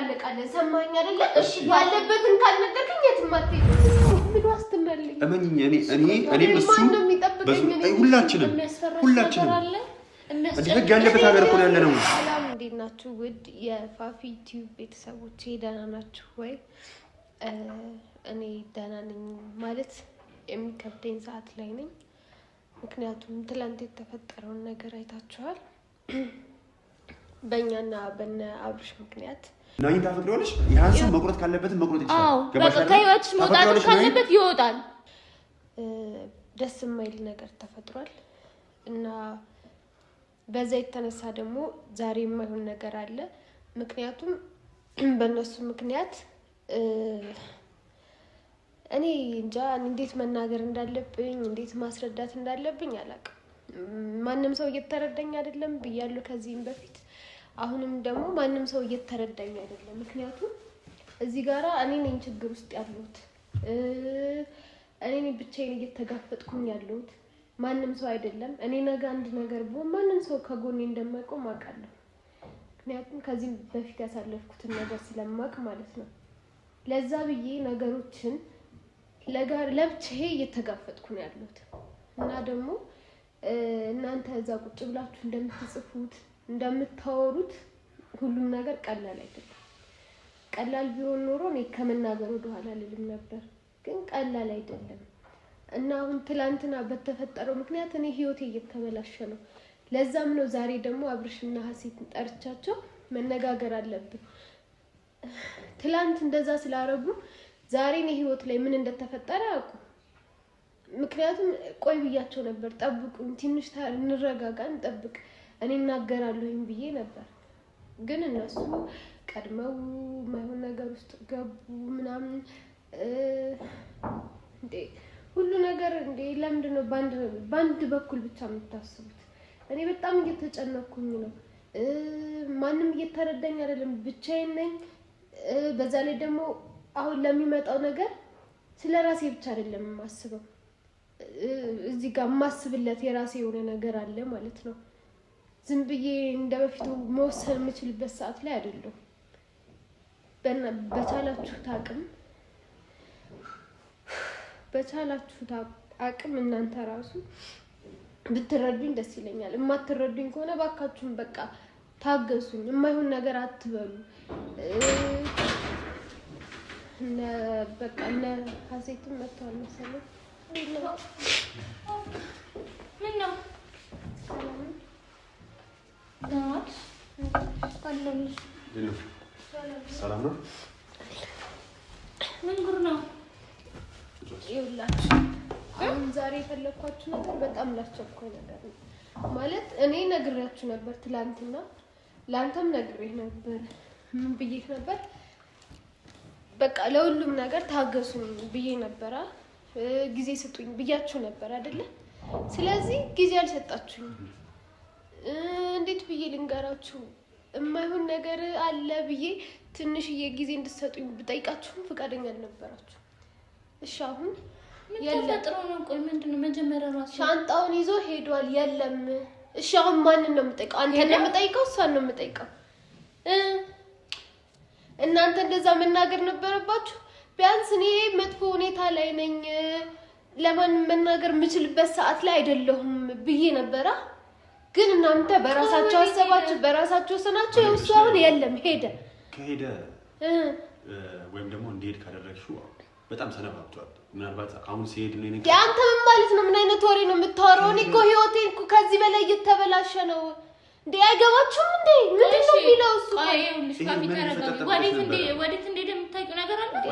እንፈላለቃለን። ሰማኝ አይደለ? እሺ ያለበትን ካልነገርከኝ የትም አትሄድም። ሁላችንም ሁላችንም ያለበት ሀገር እኮ ያለ ነው። ሰላም እንዴት ናችሁ? ውድ የፋፊ ደህና ናችሁ ወይ? እኔ ደህና ነኝ። ማለት የሚከብደኝ ሰዓት ላይ ነኝ። ምክንያቱም ትላንት የተፈጠረውን ነገር አይታችኋል። በእኛና በነ አብርሽ ምክንያት ናኝ ታፈቅሪዋለሽ። ያን ሰው መቁረጥ ካለበትም መቁረጥ ይችላል። ከህይወትሽ መውጣት ካለበት ይወጣል። ደስ የማይል ነገር ተፈጥሯል እና በዛ የተነሳ ደግሞ ዛሬ የማይሆን ነገር አለ። ምክንያቱም በእነሱ ምክንያት እኔ እንጃ እንዴት መናገር እንዳለብኝ እንዴት ማስረዳት እንዳለብኝ አላውቅም። ማንም ሰው እየተረዳኝ አይደለም ብያለሁ ከዚህም በፊት አሁንም ደግሞ ማንም ሰው እየተረዳኝ አይደለም። ምክንያቱም እዚህ ጋራ እኔ ነኝ ችግር ውስጥ ያለሁት፣ እኔ ነኝ ብቻዬን እየተጋፈጥኩኝ ያለሁት፣ ማንም ሰው አይደለም። እኔ ነገ አንድ ነገር ብሆን ማንም ሰው ከጎኔ እንደማይቆም አውቃለሁ። ምክንያቱም ከዚህም በፊት ያሳለፍኩትን ነገር ስለማውቅ ማለት ነው። ለዛ ብዬ ነገሮችን ለብቻዬ እየተጋፈጥኩ ነው ያለሁት እና ደግሞ እናንተ እዛ ቁጭ ብላችሁ እንደምትጽፉት እንደምታወሩት ሁሉም ነገር ቀላል አይደለም። ቀላል ቢሆን ኖሮ እኔ ከመናገር ወደ ልልም ነበር፣ ግን ቀላል አይደለም እና አሁን ትላንትና በተፈጠረው ምክንያት እኔ ህይወቴ እየተበላሸ ነው። ለዛም ነው ዛሬ ደግሞ አብርሽና ሀሴት ጠርቻቸው መነጋገር አለብን። ትላንት እንደዛ ስላረጉ ዛሬ እኔ ህይወት ላይ ምን እንደተፈጠረ አውቁ። ምክንያቱም ቆይ ብያቸው ነበር፣ ጠብቁ፣ ትንሽ እንረጋጋ፣ እንጠብቅ እኔ እናገራለሁኝ ብዬ ነበር። ግን እነሱ ቀድመው የማይሆን ነገር ውስጥ ገቡ ምናምን እንዴ ሁሉ ነገር እንዴ ለምንድን ነው በአንድ በኩል ብቻ የምታስቡት? እኔ በጣም እየተጨነኩኝ ነው። ማንም እየተረዳኝ አይደለም። ብቻዬን ነኝ። በዛ ላይ ደግሞ አሁን ለሚመጣው ነገር ስለ ራሴ ብቻ አይደለም የማስበው። እዚህ ጋር የማስብለት የራሴ የሆነ ነገር አለ ማለት ነው። ዝም ብዬ እንደ በፊቱ መወሰን የምችልበት ሰዓት ላይ አይደለሁ። በቻላችሁት አቅም በቻላችሁት አቅም እናንተ ራሱ ብትረዱኝ ደስ ይለኛል። የማትረዱኝ ከሆነ ባካችሁን በቃ ታገሱኝ። የማይሆን ነገር አትበሉ። በቃ እነ ሀሴትም መጥተዋል መሰለኝ። ሰላም ነው። ምን ጉር ነው? ይኸውላችሁ አሁን ዛሬ የፈለግኳችሁ ነገር በጣም ላስቸኳይ ነገር ነው። ማለት እኔ ነግሬያችሁ ነበር ትላንትና፣ ለአንተም ነግሬህ ነበር። ምን ብዬሽ ነበር? በቃ ለሁሉም ነገር ታገሱኝ ብዬ ነበረ ጊዜ ስጡኝ ብያችሁ ነበር አይደለ? ስለዚህ ጊዜ አልሰጣችሁኝ እንዴት ብዬ ልንገራችሁ? የማይሆን ነገር አለ ብዬ ትንሽዬ ጊዜ እንድትሰጡኝ ብጠይቃችሁም ፈቃደኛ አልነበራችሁ። እሺ አሁን ተፈጥሮ ነው። ቆይ ምንድን ነው መጀመሪያ ራሱ ሻንጣውን ይዞ ሄዷል። የለም እሺ አሁን ማንን ነው የምጠይቀው? አንተን ነው የምጠይቀው? እሷን ነው የምጠይቀው? እናንተ እንደዛ መናገር ነበረባችሁ። ቢያንስ እኔ መጥፎ ሁኔታ ላይ ነኝ፣ ለማንም መናገር የምችልበት ሰዓት ላይ አይደለሁም ብዬ ነበራ። ግን እናንተ በራሳችሁ አሰባችሁ፣ በራሳችሁ ስናችሁ። የእሱ አሁን የለም ሄደ። ከሄደ ወይም ደግሞ እንዲሄድ ካደረግሽው በጣም ሰነባብቷል። ምናልባት አሁን ሲሄድ ነው ነገር አንተ ምን ማለት ነው? ምን አይነት ወሬ ነው የምታወራው? እኔ እኮ ህይወቴ እኮ ከዚህ በላይ እየተበላሸ ነው እንዴ አይገባችሁም እንዴ? ምንድን ነው የሚለው እሱ?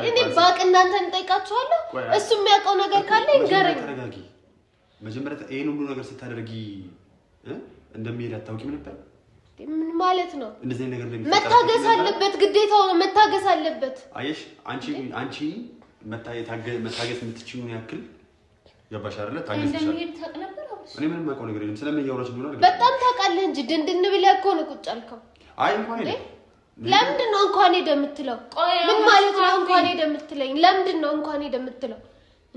እኔ ባቅ እናንተ እንጠይቃችኋለሁ። እሱ የሚያውቀው ነገር ካለ ይንገረኝ። መጀመሪያ ይህን ሁሉ ነገር ስታደርጊ እንደሚሄድ አታውቂም ነበር? ምን ማለት ነው? እንደዚህ ነገር ላይ መታገስ አለበት፣ ግዴታው ነው፣ መታገስ አለበት። አየሽ፣ አንቺ አንቺ መታገስ የምትችሉን ያክል ገባሽ አይደለ? ታገስ ይችላል። እኔ ምንም አውቀው ነገር የለም። ስለምን እያወራች እንደሆነ በጣም ታውቃለህ እንጂ ድንድን ብለህ እኮ ነው ቁጭ አልከው። አይ እንኳን አይደል ለምንድን ነው እንኳን ሄደ የምትለው? ምን ማለት ነው እንኳን ሄደ የምትለኝ? ለምንድን ነው እንኳን ሄደ የምትለው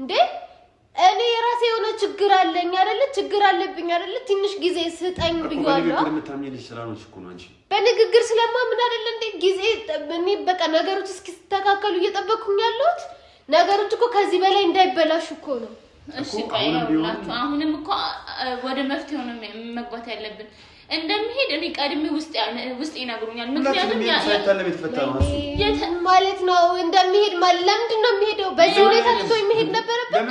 እንዴ? እኔ የራሴ የሆነ ችግር አለኝ አይደለ? ችግር አለብኝ አይደለ? ትንሽ ጊዜ ስጠኝ ብያለሁ። በንግግር ስለማምን አይደለ እንዴ? ጊዜ እኔ በቃ ነገሮች እስኪስተካከሉ እየጠበኩኝ ያለሁት። ነገሮች እኮ ከዚህ በላይ እንዳይበላሽ እኮ ነው እሺ አሁንም እኮ ወደ መፍትሄው ነው መግባት ያለብን። እንደሚሄድ እኔ ቀድሜ ውስጥ ይነግሩኛል። ምክንያቱም ማለት ነው እንደሚሄድ ለምንድን ነው የሚሄደው? በዚህ ሁኔታ ትቶ የሚሄድ ነበረበት።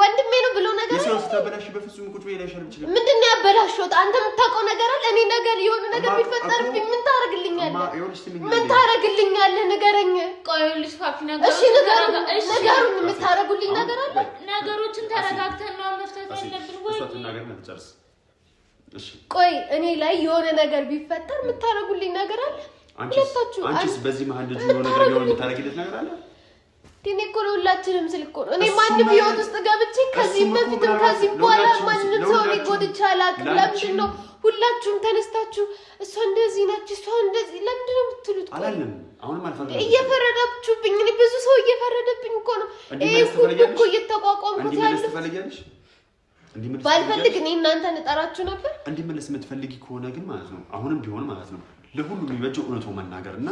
ወንድሜ ነው ብሎ ነገር የሰው ስታበላሽ በፍጹም ቁጭ ብዬ ላይሻል ይችላል። ምንድን ነው ያበላሽሁት? አንተ የምታውቀው ነገር አለ። እኔ ነገር የሆነ ነገር ቢፈጠርብኝ ምን ታደርግልኛለህ? ምን ታደርግልኛለህ? ንገረኝ። ቆይ ፋፊ ነገር እሺ፣ ንገሩኝ። የምታደርጉልኝ ነገር አለ። ነገሮችን ተረጋግተን ነው መፍታት ያለብን ወይ? ቆይ እኔ ላይ የሆነ ነገር ቢፈጠር የምታደርጉልኝ ነገር አለ ሁለታችሁ። አንቺስ በዚህ መሀል ልጅ የሆነ ነገር የምታደርጊለት ነገር አለ ግን እኮ ለሁላችንም ስል እኮ ነው። እኔ ማንም ህይወት ውስጥ ገብቼ ከዚህም በፊትም ከዚህ በኋላ ማንም ሰው እኔ ጎድቼ አላውቅም። ለምንድን ነው ሁላችሁም ተነስታችሁ እሷ እንደዚህ ናች፣ እሷ እንደዚህ ለምንድን ነው የምትሉት? እየፈረዳችሁብኝ፣ እኔ ብዙ ሰው እየፈረደብኝ እኮ ነው። ይህ ሁሉ እኮ እየተቋቋምኩት ያለሁ ባልፈልግ እኔ እናንተን እጠራችሁ ነበር። እንዲመለስ የምትፈልጊ ከሆነ ግን ማለት ነው አሁንም ቢሆን ማለት ነው ለሁሉ የሚበጀው እውነቱ መናገር እና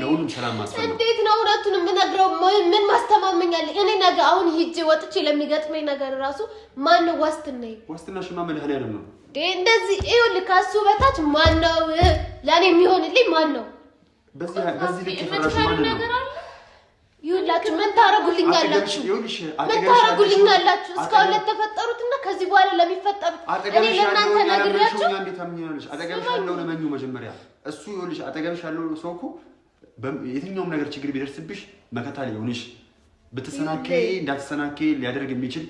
ለሁሉም ሰላም ማስፈን እንዴት ነው እውነቱን የምነግረው? ምን ማስተማመኛል? እኔ ነገ አሁን ሂጄ ወጥቼ ለሚገጥመኝ ነገር ራሱ ማን ነው ዋስትና? ዋስትናሽ ማ መድኃኒዓለም ነው እንደዚህ ይኸውልህ፣ ከእሱ በታች ማን ነው ለእኔ የሚሆንልኝ? ማን ነው በዚህ ልክ የፈራሽ ማን ነው? ይሁላችሁ ምን ታረጉልኛላችሁ? ምን ታረጉልኛላችሁ? እስካሁን ለተፈጠሩት እና ከዚህ በኋላ ለሚፈጠሩት እኔ ለእናንተ እኛ እንዴት ነግሬያችሁ። አጠገብሽ ያለው ለመኙ መጀመሪያ እሱ ይሁልሽ። አጠገብሽ ያለው ሰው እኮ የትኛውም ነገር ችግር ቢደርስብሽ መከታ ሊሆንሽ ብትሰናከይ እንዳትሰናከይ ሊያደርግ የሚችል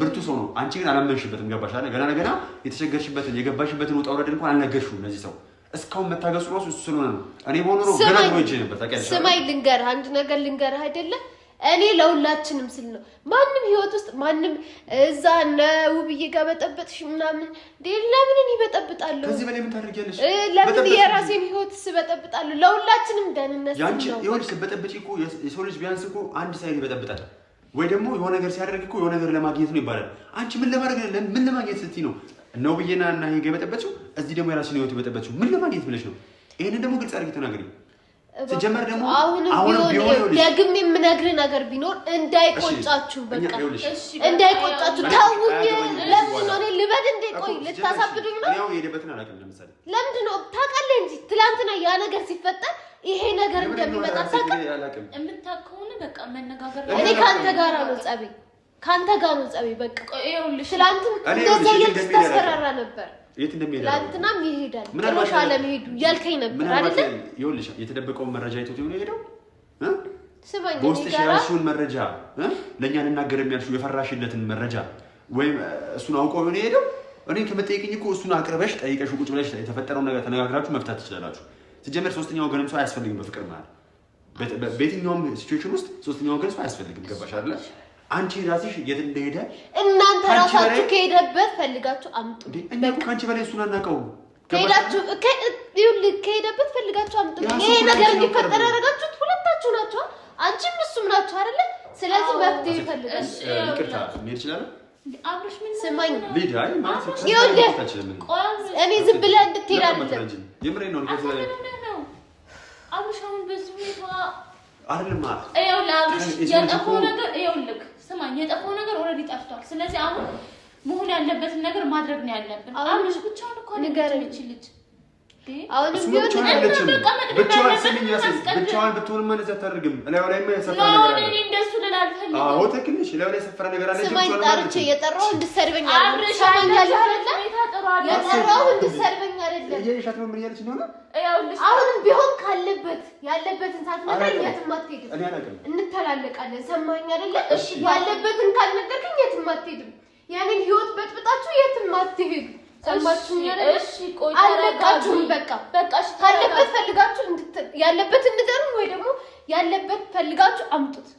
ብርቱ ሰው ነው። አንቺ ግን አላመንሽበትም። ገባሽ አለ ገና ለገና የተቸገርሽበትን የገባሽበትን ውጣ ውረድ እንኳን አልነገርሽውም ለዚህ ሰው እስካሁን መታገሱ ራሱ ስለሆነ ነው። እኔ በሆነ ነው ገና ነው እጄ ነበር። ታውቂያለሽ፣ ስማይ ልንገርህ፣ አንድ ነገር ልንገርህ አይደለ እኔ ለሁላችንም ስል ነው። ማንም ህይወት ውስጥ ማንም እዛ እነ ውብዬ ጋር በጠበጥሽ ምናምን ለምን እኔ በጠብጣለሁ? ከዚህ በላይ ምን ታደርጊያለሽ? ለምን የራሴን ህይወት ስበጠብጣለሁ? ለሁላችንም ደህንነት ያንቺ ይሁን። ስበጠብጪ እኮ የሰው ልጅ ቢያንስ እኮ አንድ ሳይል ይበጠብጣል ወይ ደግሞ የሆነ ነገር ሲያደርግ እኮ የሆነ ነገር ለማግኘት ነው ይባላል። አንቺ ምን ለማድረግ ምን ለማግኘት ስትይ ነው እነ ውብዬና እና ይሄ ጋር የበጠበጥሽው እዚህ ደግሞ የራስሽን ህይወት የበጠበችው ምን ለማግኘት ብለሽ ነው? ይሄንን ደግሞ ግልጽ አድርጊ ተናገሪ። ሲጀመር ደግሞ አሁንም ቢሆን ደግም የምነግርህ ነገር ቢኖር እንዳይቆጫችሁ፣ በቃ እንዳይቆጫችሁ ተውኝ። ለምንድን ነው እኔ ልበድ እንዴ? ቆይ ልታሳብዱኝ ነው? ያው ለምንድን ነው ታውቃለህ እንጂ ትላንትና ያ ነገር ሲፈጠር ይሄ ነገር እንደሚመጣ ታውቃለህ። የምታውቀውን በቃ መነጋገር እኔ ከአንተ ጋር ነው ጸቤ፣ ከአንተ ጋር ነው ጸቤ። በቃ ትላንትም እንደዛ እያልክ ስታስፈራራ ነበር የት እንደሚሄድ ትናንትናም ይሄዳል። ምናልባት አለመሄዱ ያልከኝ ነበር አይደል? ይኸውልሽ የተደበቀውን መረጃ አይቶት የሆነ ሄደው በውስጥሽ ያልሽውን መረጃ ለእኛ ልናገር የሚያልሽው የፈራሽለትን መረጃ ወይም እሱን አውቆ የሆነ ሄደው እኔ ከመጠየቅኝ እኮ እሱን አቅርበሽ ጠይቀሽ ቁጭ ብለሽ የተፈጠረውን ነገር ተነጋግራችሁ መፍታት ትችላላችሁ። ሲጀመር ሶስተኛ ወገንም ሰው አያስፈልግም። በፍቅር ማለት በየትኛውም ሲቹዌሽን ውስጥ ሶስተኛ ወገን ሰው አያስፈልግም። ገባሽ አይደል? አንቺ ራስሽ የት እንደሄደ እናንተ ራሳችሁ ከሄደበት ፈልጋችሁ አምጡ። እኛ ከአንቺ በላይ እሱን አናውቀውም። ከሄዳችሁ ከሄደበት ፈልጋችሁ አምጡ። ይሄ ነገር እንዲፈጠር ያደረጋችሁት ሁለታችሁ ናችሁ፣ አንቺም እሱም ናቸው አይደለ? ስለዚህ መፍትሄ ይፈልጋል። ይቅርታ ሄድ ይችላል። ስማኝ እኔ ዝም ስማኝ፣ የጠፋው ነገር ኦልሬዲ ጠፍቷል። ስለዚህ አሁን መሆን ያለበትን ነገር ማድረግ ነው ያለብን። አሁን ብቻውን እኮ ነገር ልጅ ብቻዋን ብትሆን ማነጽ አታደርግም። እላዩ ላይ የሰፈረ ነገር አለ። ስማኝ ጣርቼ የጠራው እንድትሰድበኝ አይደለም። አሁንም ቢሆን ካለበት ያለበትን ሳትነግረኝ የትም አትሄድም። እንተላለቃለን። ሰማኝ አይደለም። ያለበትን ካልነገርከኝ የትም አትሄድም። ያንን ህይወት በጥብጣችሁ የትም አትሄድም። አልበቃችሁም። በቃ በቃ ካለበት ፈልጋችሁ ያለበት እንድጠሩን ወይ ደግሞ ያለበት ፈልጋችሁ አምጡት።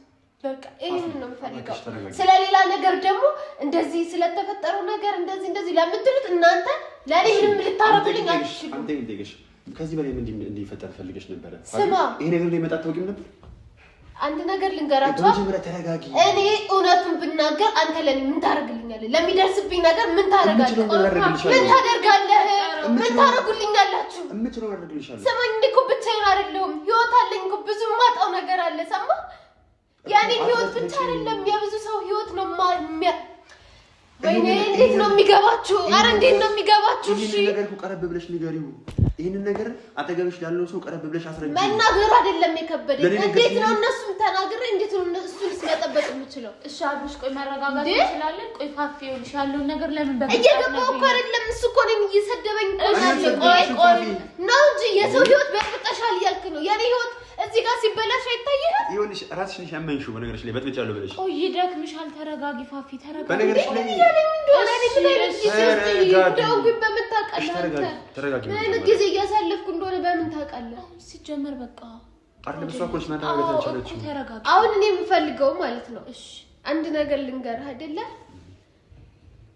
በቃ ይሄን ነው የምፈልገው። ስለሌላ ነገር ደግሞ እንደዚህ ስለተፈጠረው ነገር እንደዚህ እንደዚህ ለምትሉት እናንተ ለኔ ምንም ልታረጉልኝ አልሽም። ከዚህ በላይ ምን እንዲፈጠር ፈልገሽ ነበረ? ስማ ይሄ ነገር ላይ መጣ ታውቂም ነበር አንድ ነገር ልንገራቸው። እኔ እውነቱን ብናገር አንተ ለኔ ምን ታደርግልኛለህ? ለሚደርስብኝ ነገር ምን ታደርጋለህ? ምን ታደርጋለህ? ምን ታደርጉልኛላችሁ? ስማኝ፣ እኔ እኮ ብቻዬን አይደለሁም። ህይወት አለኝ እኮ ብዙ የማጣው ነገር አለ። ሰማ፣ ያኔ ህይወት ብቻ አይደለም የብዙ ሰው ህይወት ነው። ወይኔ እንዴት ነው የሚገባችሁ? አረ እንዴት ነው የሚገባችሁ? እሺ፣ ነገር ቀረብ ብለሽ ንገሪው ይህንን ነገር አጠገብሽ ላለው ሰው ቀረብ ብለሽ አስረጅ። መናገሩ አይደለም የከበደኝ፣ እንዴት ነው እነሱም ተናግሬ እንዴት ነው እሱን መጠበቅ የምችለው? እሺ አብሽ፣ ቆይ መረጋጋት እንችላለን። ቆይ ፋፌ፣ ይኸውልሽ ያለውን ነገር ለምን በቃ እየገባሁ እኮ አይደለም። እሱ እኮ ነው እየሰደበኝ። ቆይ ቆይ ነው እንጂ የሰው ህይወት በጥብጠሻል እያልክ ነው። የኔ ህይወት እዚህ ጋር ሲበላሽ አይታየህም? ይኸውልሽ ራስሽ ነሽ ያመንሽው በነገርሽ ላይ በጥብጫለሁ ብለሽ። ቆይ ይደክምሻል። ተረጋጊ ፋፊ ተረጋጊ። በነገርሽ ላይ እንደሆነ እኔ ስለዚህ ደውብኝ በምታቀላንተ ተረጋጊ ጊዜ ጊዜ እያሳለፍኩ እንደሆነ በምን ታውቃለህ? ሲጀመር በቃ አይደለም እሷ እኮ አሁን እኔ የምፈልገው ማለት ነው። እሺ አንድ ነገር ልንገርህ አይደለ?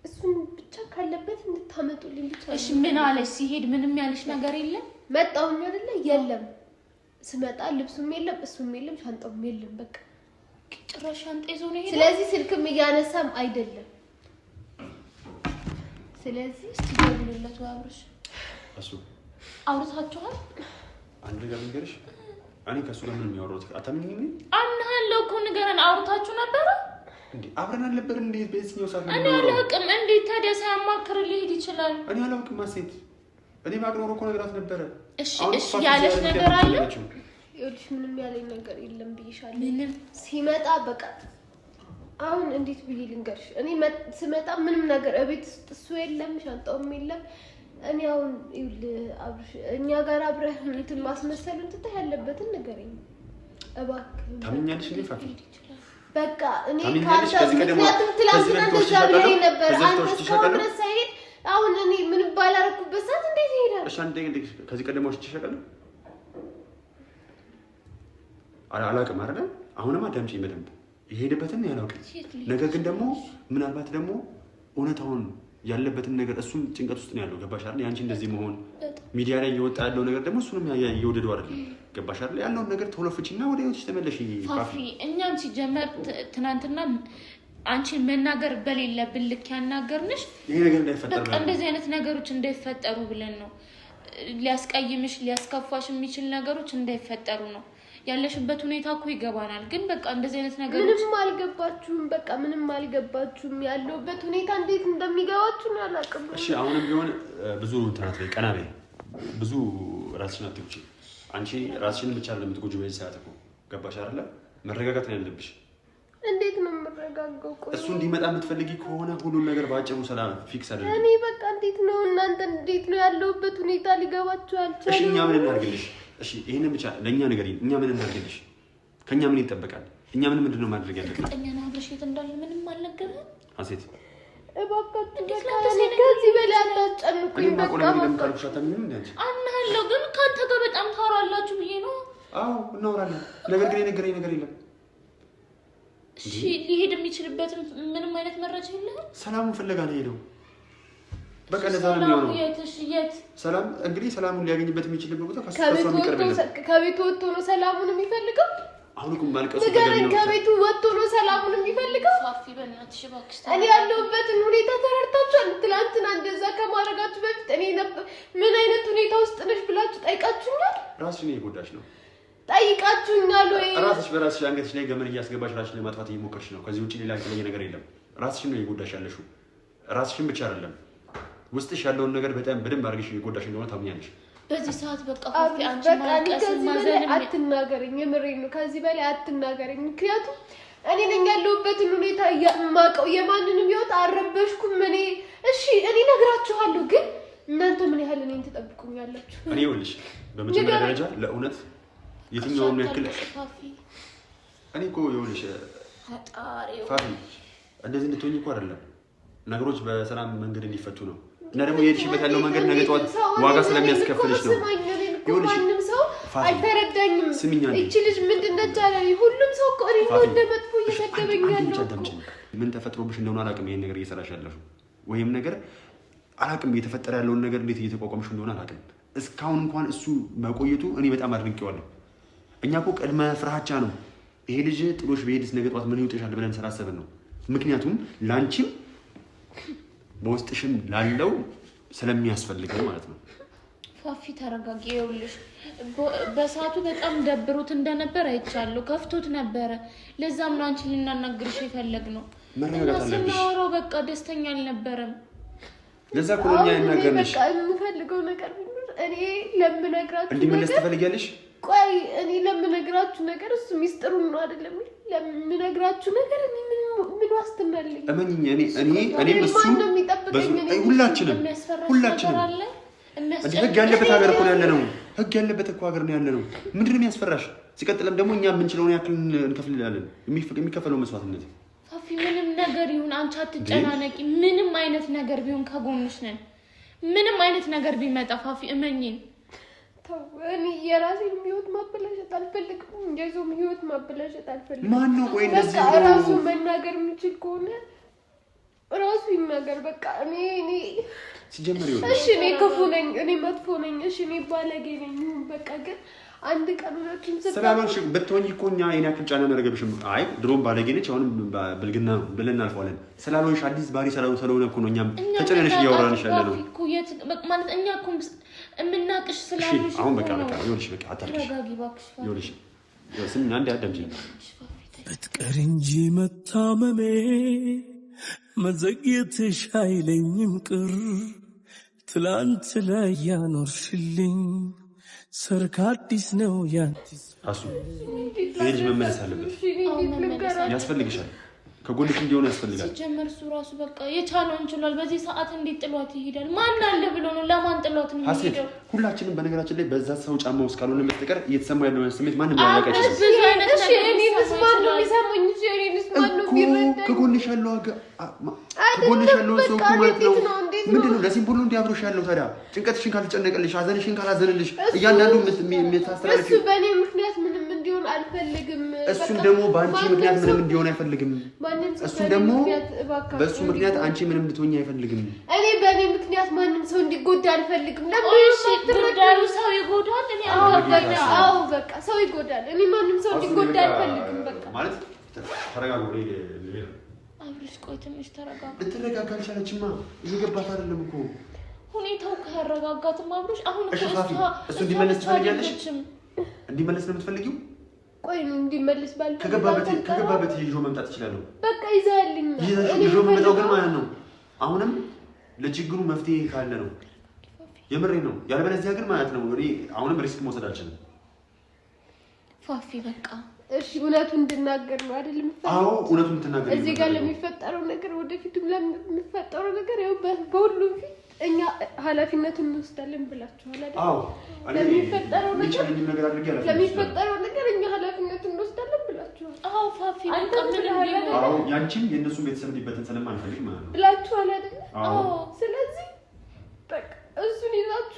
እሱን ብቻ ካለበት እንድታመጡልኝ ብቻ። እሺ ምን አለሽ? ሲሄድ ምንም ያለሽ ነገር የለም? መጣሁኝ አይደለ? የለም ስመጣ ልብሱም የለም እሱም የለም ሻንጣውም የለም። በቃ ጭራሽ ሻንጣ ይዞ ነው የሄደው። ስለዚህ ስልክም እያነሳም አይደለም። ስለዚህ እስቲ ደውልለት አብረሽ አውርታችኋል? አንድ ነገር ንገርሽ። እኔ ከእሱ ጋር ምንም ያወራሁት አታምኝ። አምናለሁ እኮ ንገረን። አውርታችሁ ነበረ እንዴ? አብረን አልነበር እንዴ? በየትኛው ሰዓት? እኔ አላውቅም። እንዴት ታዲያ ሳያማክር ሊሄድ ይችላል? እኔ አላውቅም። አሴት እኔ ባቅኖሮ እኮ ነገራት ነበረ። እሺ፣ እሺ ያለሽ ነገር አለ? ይኸውልሽ ምንም ያለኝ ነገር የለም ብዬሻለሁ። ምንም ሲመጣ በቃ አሁን እንዴት ብዬ ልንገርሽ? እኔ ስመጣ ምንም ነገር እቤት ውስጥ እሱ የለም፣ ሻንጣውም የለም እኔ አሁን እኛ ጋር አብረህ እንትን ማስመሰል እንትታ ያለበትን ንገረኝ እባክህ። ታምኛለሽ እንዴ ፋፊ? በቃ እኔ ምክንያቱም ትላንትና እንደዛ ብለህ ነበር አንተ እስካሁን ድረስ ሳይሄድ አሁን እኔ ምን ባላረኩበት ሰዓት እንዴት ይሄዳል? እሺ አንዴ ከዚህ ቀደም አላውቅም አዳምጪኝ በደንብ ነገር ግን ደግሞ ምናልባት ደግሞ እውነታውን ያለበትን ነገር እሱም ጭንቀት ውስጥ ነው ያለው። ገባሽ አይደል? ያንቺ እንደዚህ መሆን ሚዲያ ላይ እየወጣ ያለው ነገር ደግሞ እሱንም እየወደደው አይደለም። ገባሽ አይደል? ያለውን ነገር እና ወደ ህይወትሽ ተመለሽ። እኛም ሲጀመር ትናንትና አንቺን መናገር በሌለብን ልክ ያናገርንሽ ይሄ ነገር እንዳይፈጠር እንደዚህ አይነት ነገሮች እንዳይፈጠሩ ብለን ነው። ሊያስቀይምሽ ሊያስከፋሽ የሚችል ነገሮች እንዳይፈጠሩ ነው ያለሽበት ሁኔታ እኮ ይገባናል። ግን በቃ እንደዚህ አይነት ነገር ምንም አልገባችሁም። በቃ ምንም አልገባችሁም። ያለውበት ሁኔታ እንዴት እንደሚገባችሁ ነው አላውቅም። እሺ አሁንም ቢሆን ብዙ ጥናት ላይ ቀና በይ፣ ብዙ ራስሽን አትጉጂ። አንቺ ራስሽን ብቻ ለምትጎጂ በዚህ ሰዓት እኮ ገባሽ አይደለ? መረጋጋት ነው ያለብሽ። እንዴት ነው የምረጋገው? እሱ እንዲመጣ የምትፈልጊ ከሆነ ሁሉን ነገር በአጭሩ ሰላም ፊክስ አድርጊ። እኔ በቃ እንዴት ነው እናንተ እንዴት ነው ያለሁበት ሁኔታ ሊገባችሁ አልቻለም። እሺ እኛ ምን እናድርግልሽ? እሺ ይሄንን ብቻ ለእኛ ነገር እኛ ምን እናድርግልሽ? ከእኛ ምን ይጠበቃል? እኛ ምን ምንድን ነው ማድረግ ያለብን? እርግጠኛ ነህ አብረሽ የት እንዳለ ምንም አልነገረህም? አሴት እባክህ ከዚህ በላይ አታስጨንቁኝ። በቃ አምናለሁ፣ ግን ከአንተ ጋር በጣም ታወራላችሁ ብዬ ነው። አዎ እናወራለን፣ ነገር ግን የነገረኝ ነገር የለም እሺ ሊሄድ የሚችልበት ምንም አይነት መረጃ የለህም? ሰላሙን ፍለጋ ነው የሄደው። በቃ ለሰላም ነው ሰላም እንግዲህ ሰላሙን ሊያገኝበት የሚችልበት ቦታ ከቤቱ ወጥቶ ነው ሰላሙን የሚፈልገው። አሁን እኮ ማልቀስ ከቤቱ ወጥቶ ነው ሰላሙን የሚፈልገው። እኔ ያለሁበትን ሁኔታ ተረድታችኋል። ትናንትና እንደዛ ከማድረጋችሁ በፊት እኔ ምን አይነት ሁኔታ ውስጥ ነሽ ብላችሁ ጠይቃችሁኛል። ራስሽን እየጎዳሽ ነው ጠይቃችሁኛል ወይ? ራስሽ በራስሽ አንገትሽ ላይ ገመድ እያስገባሽ ራስሽን ለማጥፋት እየሞከርሽ ነው። ከዚህ ውጭ ሌላ የተለየ ነገር የለም። ራስሽን ነው የጎዳሽ ያለሽው። ራስሽን ብቻ አይደለም ውስጥሽ ያለውን ነገር በጣም በደንብ አድርገሽ የጎዳሽ እንደሆነ ታምኛለሽ። በዚህ ሰዓት በቃ ፋፊ አንቺ ከዚህ በላይ አትናገረኝ። የምሬን ነው። ከዚህ በላይ አትናገረኝ። ምክንያቱም እኔ ነኝ ያለሁበትን ሁኔታ የማውቀው። የማንንም ህይወት አረበሽኩም እኔ። እሺ እኔ ነግራችኋለሁ፣ ግን እናንተ ምን ያህል እኔን ትጠብቁኛላችሁ? እኔ ይኸውልሽ በመጀመሪያ ደረጃ ለእውነት የትኛውም ያክል እኔ እኮ የሆነሽ ፋፊ እንደዚህ እንድትሆኝ እኮ አይደለም። ነገሮች በሰላም መንገድ እንዲፈቱ ነው እና ደግሞ የሄድሽበት ያለው መንገድ ነገ ጠዋት ዋጋ ስለሚያስከፍልሽ ነው። ማንም ሰው ስሚኛ እቺ ልጅ ምንድነች አለ። ሁሉም ሰው እኮ እኔ ነው እንደ መጥፎ እየሰደበኝ ምን ተፈጥሮብሽ እንደሆነ አላውቅም። ይሄን ነገር እየሰራሽ ያለሽ ወይም ነገር አላውቅም። እየተፈጠረ ያለውን ነገር እንዴት እየተቋቋምሽ እንደሆነ አላውቅም። እስካሁን እንኳን እሱ መቆየቱ እኔ በጣም አድንቄዋለሁ። እኛ እኮ ቅድመ ፍርሃቻ ነው ይሄ ልጅ ጥሎሽ በሄድስ ነገ ጠዋት ምን ይውጥሻል ብለን ስላሰብን ነው። ምክንያቱም ላንቺም በውስጥሽም ላለው ስለሚያስፈልገው ማለት ነው። ፋፊ ተረጋጊ። ይኸውልሽ በሰዓቱ በጣም ደብሮት እንደነበር አይቻለሁ። ከፍቶት ነበረ። ለዛም ነው አንቺን ልናናግርሽ የፈለግ ነው። ስናወራው በቃ ደስተኛ አልነበረም። ለዛ ኮሎኛ ነገር ነገር እኔ ለምነግራችሁ እንዲመለስ ትፈልጊያለሽ? ቆይ እኔ ለምነግራችሁ ነገር እሱ ሚስጥሩ ነው አይደለም። ለምነግራችሁ ነገር እኔ ምን ምን ዋስትና አለኝ? እመኝኝ። እኔ እኔ እኔ እሱ ሁላችንም ሁላችንም እንደ ህግ ያለበት ሀገር እኮ ነው ያለ ነው። ህግ ያለበት እኮ ሀገር ነው ያለ ነው። ምንድን ነው የሚያስፈራሽ? ሲቀጥለም ደግሞ እኛ የምንችለውን ያክል እንከፍልላለን። የሚከፈለው መስዋዕትነት ምንም ነገር ይሁን አንቺ አትጨናነቂ። ምንም አይነት ነገር ቢሆን ከጎንሽ ነን። ምንም አይነት ነገር ቢመጣ ፋፊ እመኝኝ። እኔ የራሴን ህይወት ማበላሸት አልፈልግም። የዞም ህይወት ማበላሸት አልፈልግም። ማነው ቆይ እንደዚህ ራሱ መናገር የሚችል ከሆነ ራሱ ይናገር። በቃ እኔ እኔ ሲጀምር ይሆናል። እሺ እኔ ክፉ ነኝ፣ እኔ መጥፎ ነኝ፣ እሺ እኔ ባለጌ ነኝ። ይሁን በቃ ግን አንድ ቀን ሁለቱም ስላልሆንሽ ብትሆኝ እኮ እኛ የኔ ያክል ጫና እናደርገብሽም። አይ ድሮም ባለጌ ነች፣ አሁንም ብልግና ነው ብለን እናልፈዋለን። ስላልሆንሽ አዲስ ባህሪ ስለሆነ እኮ ነው እኛም ተጨነነሽ እያወራንሽ ያለ ነው ማለት እኛ እኮ የምናቅሽ ስላልሆንሽ። አሁን በቃ በቃ ይኸውልሽ፣ በቃ አታልቅሽ፣ ይኸውልሽ ስም አንድ አዳምጪ። ብትቀር እንጂ መታመሜ መዘግየትሽ አይለኝም ቅር ትላንት ላይ ያኖርሽልኝ ሰርግ አዲስ ነው። ያንቺስ አሱ ልጅ መመለስ አለበት፣ ያስፈልግሻል። ከጎንሽ እንዲሆን ያስፈልጋል። ሲጀመር እሱ ራሱ በቃ የቻለውን ይችላል። በዚህ ሰዓት እንዴት ጥሏት ይሄዳል? ማን አለ ብሎ ነው? ለማን ጥሏት ነው የሚሄደው? ሁላችንም በነገራችን ላይ በዛ ሰው ጫማ ውስጥ ካልሆነ በስተቀር እየተሰማ ያለው ስሜት ማንም ያወቀ ከጎንሽ ያለው ሰው ማለት ነው ምንድን ነው ለሲምቦሉ እንዲህ አብሮሽ ያለው ታዲያ? ጭንቀትሽን ካልጨነቀልሽ፣ ሀዘንሽን ካላዘንልሽ እያንዳንዱ የምታስተላለፍ እሱ በእኔ ምክንያት ምንም እንዲሆን አልፈልግም። እሱም ደግሞ በአንቺ ምክንያት ምንም እንዲሆን አይፈልግም። እሱም ደግሞ በእሱ ምክንያት አንቺ ምንም እንድትሆኝ አይፈልግም። እኔ በእኔ ምክንያት ማንም ሰው እንዲጎዳ አልፈልግም። ለምዳሉ ሰው ይጎዳል። እኔ አዎ በቃ ሰው ይጎዳል። እኔ ማንም ሰው እንዲጎዳ አልፈልግም። በቃ ማለት ተረጋጉ። አብርሽ ቆይ ትንሽ ተረጋጋ። ልትረጋጋ አልቻለችማ። እየገባት አይደለም እኮ ሁኔታው። ካረጋጋትም አብርሽ አሁን እሱ እንዲመለስ ትፈልጊያለሽ? እንዲመለስ ነው የምትፈልጊው? ቆይ እንዲመለስ ባል ከገባበት ከገባበት ይዞ መምጣት እችላለሁ። በቃ ይዛልኝ ይዞ መምጣው ግን ማለት ነው። አሁንም ለችግሩ መፍትሄ ካለ ነው የምሬ ነው። ያለበለዚያ ግን ማለት ነው እኔ አሁንም ሪስክ መውሰድ አልችልም ፋፊ በቃ እሺ እውነቱን እንድናገር ነው አይደል? አዎ እውነቱን እንድናገር እዚህ ጋር ለሚፈጠረው ነገር ወደፊትም ለሚፈጠረው ነገር ያው በሁሉም ፊት እኛ ኃላፊነቱን እንወስዳለን ብላችኋል አይደል? አዎ ለሚፈጠረው ነገር ለሚፈጠረው ነገር እኛ ኃላፊነቱን እንወስዳለን ብላችኋል። አዎ ፋፊ አዎ ያንቺም የእነሱን ቤተሰብ እንዲበተን ስለማንፈልግ ማለት ነው ብላችኋል አይደል? አዎ ስለዚህ በቃ እሱን ይዛችሁ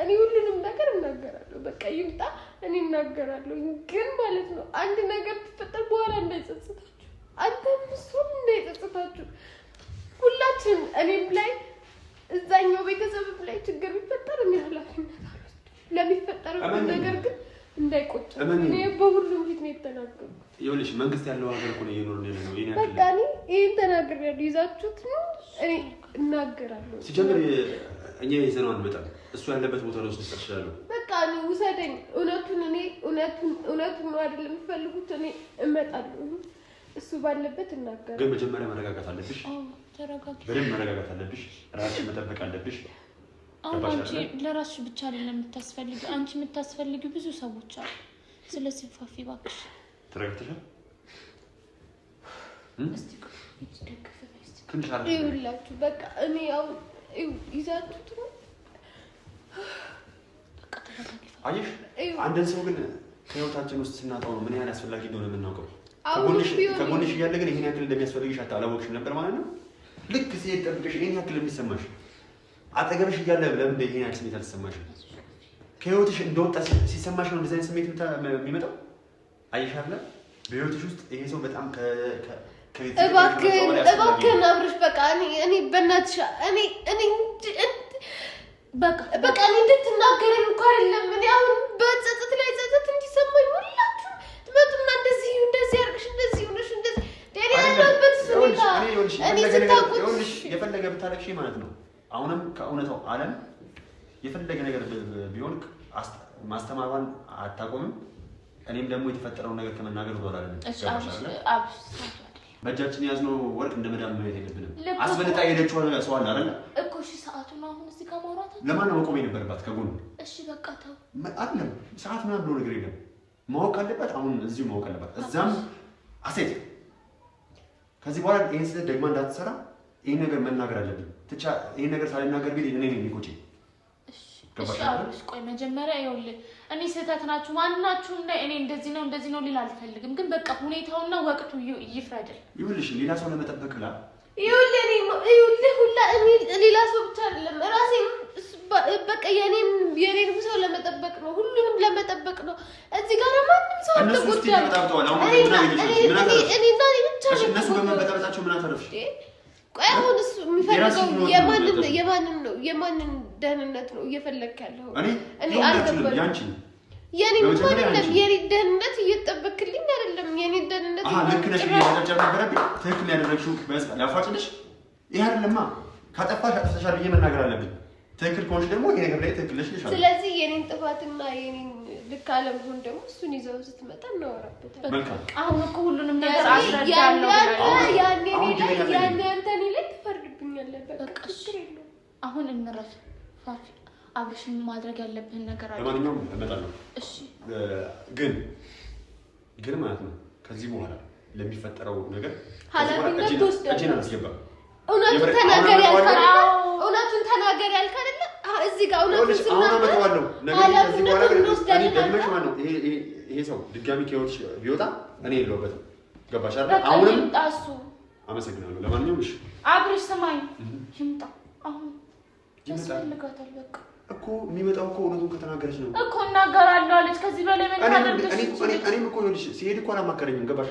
እኔ ሁሉንም ነገር እናገራለሁ። በቃ ይምጣ፣ እኔ እናገራለሁ። ግን ማለት ነው አንድ ነገር ትፈጠር በኋላ እንዳይጸጽታችሁ፣ አንተም እሱም እንዳይጸጽታችሁ፣ ሁላችን እኔም ላይ እዛኛው ቤተሰብም ላይ ችግር ቢፈጠር እኔ ኃላፊነት ለሚፈጠረው ነገር ግን እንዳይቆጭ በሁሉም ፊት ነው የተናገርኩት። ይኸውልሽ መንግስት ያለው ሀገር እኮ ነው እየኖርን ያለ ነው። በቃ እኔ ይህን ተናግሬያለሁ። ይዛችሁት ነው እኔ እናገራለሁ። ሲጀምር እኛ ይዘነው አንመጣም እሱ ያለበት ቦታ ነው ልወስድ እችላለሁ። በቃ ነው ውሰደኝ። እውነቱን እኔ እውነቱን እውነቱን ነው አይደል የምፈልጉት? እኔ እመጣለሁ። እሱ ባለበት እናገራለሁ። ግን መጀመሪያ መረጋጋት አለብሽ። አዎ በደንብ መረጋጋት አለብሽ። ራስሽን መጠበቅ አለብሽ። አሁን አንቺ ለራስሽ ብቻ አይደለም የምታስፈልጊ፣ አንቺ የምታስፈልጊ ብዙ ሰዎች አሉ። ስለዚህ ፋፊ እባክሽ ተረጋግተሻል። ትንሽ ይኸውላችሁ በቃ እኔ ያው ይዛችሁት ነው አየሽ፣ አንድን ሰው ግን ከህይወታችን ውስጥ ስናጣው ነው ምን ያህል አስፈላጊ እንደሆነ የምናውቀው። ከጎንሽ እያለ ግን ይህን ያክል እንደሚያስፈልግሽ አላወቅሽም ነበር ማለት ነው። ልክ ሲሄድ ጠብቀሽ ይህን ያክል የሚሰማሽ አጠገብሽ እያለ ለምን ይህን ያክል ስሜት አልሰማሽም? ከህይወትሽ እንደወጣ ሲሰማሽ ነው እንደዚህ አይነት ስሜት የሚመጣው። አየሽ አለ በህይወትሽ ውስጥ ይሄ ሰው በጣም እባክህን፣ እባክህን አብርሽ፣ በቃ እኔ እኔ በእናትሽ እኔ እኔ በቃ እንድትናገረን እኮ አይደለም። እኔ አሁን በጸጸት ላይ ጸጸት እንዲሰማኝ ሁላችሁ ትመጡና እንደዚህ እንደዚህ አድርግሽ እንደዚህ ሆነሽ እንደዚህ ደኔ ያለበት ሁኔታ የፈለገ ብታለቅሽ ማለት ነው። አሁንም ከእውነታው ዓለም የፈለገ ነገር ቢሆን ማስተማሯን አታቆምም። እኔም ደግሞ የተፈጠረውን ነገር ከመናገር ዞር አለ በእጃችን የያዝነው ወርቅ እንደ መዳም ማየት የለብንም። አስበልጣ የሄደችው ሰው አለ አይደል እኮ። እሺ ሰዓቱን አሁን እዚህ ጋር ማውራት ለማን ነው መቆም የነበረባት ከጎኑ? እሺ በቃ ተው አይደለም ሰዓት ምናምን ብሎ ነገር የለም። ማወቅ አለበት አሁን እዚሁ ማወቅ አለበት። እዛም አሴት ከዚህ በኋላ ይህን ስህተት ደግማ እንዳትሰራ ይሄን ነገር መናገር አለብን። ትቻ ይሄን ነገር ሳልናገር ቢል እኔ ነኝ የሚቆጨኝ ቆይ መጀመሪያ ይኸውልህ፣ እኔ ስህተት ናችሁ ማናችሁ እና እኔ እንደዚህ ነው እንደዚህ ነው ሊል አልፈልግም፣ ግን በቃ ሁኔታውና ወቅቱ ይፍረድል። ይኸውልሽ ሌላ ሰው ለመጠበቅ ላ ይኸውልህ ሁላ ሌላ ሰው ብቻ አይደለም ራሴ በቃ የኔም የኔንም ሰው ለመጠበቅ ነው፣ ሁሉንም ለመጠበቅ ነው። እዚህ ጋር ማንም ሰው አልተጎዳም። እነሱ በመበጣበጣቸው ምን አተረፍሽ? ቆይ አሁን እሱ የሚፈልገው የማንን ነው? የማንን ደህንነት ነው እየፈለግክ ያለው። እኔ አልገባም። የኔ ምንም የኔ ደህንነት እየጠበክልኝ አይደለም። የኔ ደህንነት ልክ ነሽ እያጨብጨብ ነበረብኝ። ትክክል ያደረግሽው ላፏጭልሽ። ይህ አይደለማ ካጠፋሽ አጥፍተሻል ብዬ መናገር አለብኝ። ትክክል ከሆንሽ ደግሞ ይሄ ነገር ላይ ትክክል ነሽ ስለዚህ የኔን ጥፋትና የኔን ልክ አለመሆን ደግሞ እሱን ይዘው ስትመጣ እናወራበታለን። አሁን እኮ ሁሉንም ነገር አስረዳለሁ። ያኔ ያኔ ያኔ አንተኔ ላይ ትፈርድብኛለህ። በቃ አሁን እንረፍ አብርሽ ማድረግ ያለብህን ነገር አለ። ለማንኛውም እመጣለሁ። እሺ። ግን ግን ማለት ነው ከዚህ በኋላ ለሚፈጠረው ነገር እውነቱን ተናገር ያልከ ሰው ድጋሚ ከህይወትሽ ቢወጣ እኔ የለሁበትም። ገባሽ አይደል? አሁንም አመሰግናለሁ። ለማንኛውም አብርሽ ስማኝ፣ ይምጣ አሁን እኮ የሚመጣው እኮ እውነቱን ከተናገረች ነው እኮ እናገራለሁ አለች። ከዚህ በላይ እኔም እኮ ይኸውልሽ ሲሄድ እኮ አላማከረኝም። ገባሽ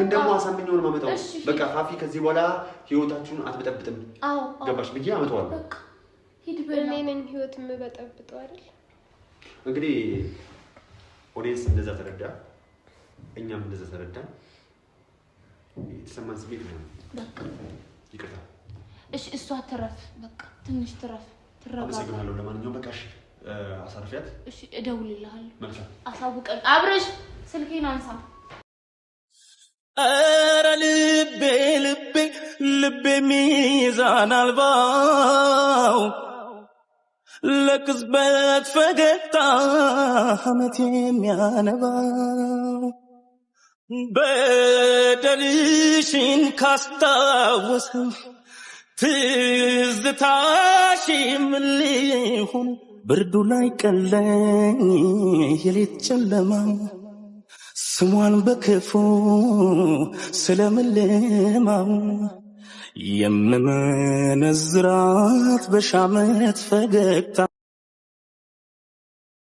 ግን ደግሞ በቃ ፋፊ ከዚህ በኋላ ህይወታችሁን አትበጠብጥም። ገባሽ ብዬ አመጣዋለሁ። ሂድ ነኝ ህይወት የምበጠብጠው አይደል? እንግዲህ ኦዲየንስ እንደዛ ተረዳ፣ እኛም እንደዛ የተሰማን ስሜት ነው። ይቅርታ እሺ፣ እሷ ትረፍ፣ በቃ ትንሽ ትረፍ፣ ትረጋጋ። አመሰግናለሁ። ለማንኛውም በቃ እሺ፣ አሳርፊያት። እሺ፣ እደውልልሃለሁ። መልካም፣ አሳውቀን። አብረሽ ስልኬን አንሳ። ኧረ ልቤ ልቤ ልቤ ሚዛን አልባው ለቅጽበት ፈገግታ አመት የሚያነባው በደልሽን ካስታወሰኝ ትዝታሽ ምን ሊሆን ብርዱ ላይ ቀለኝ የሌት ጨለማ ስሟን በክፉ ስለምልማ የምመነዝራት በሻመት ፈገግታ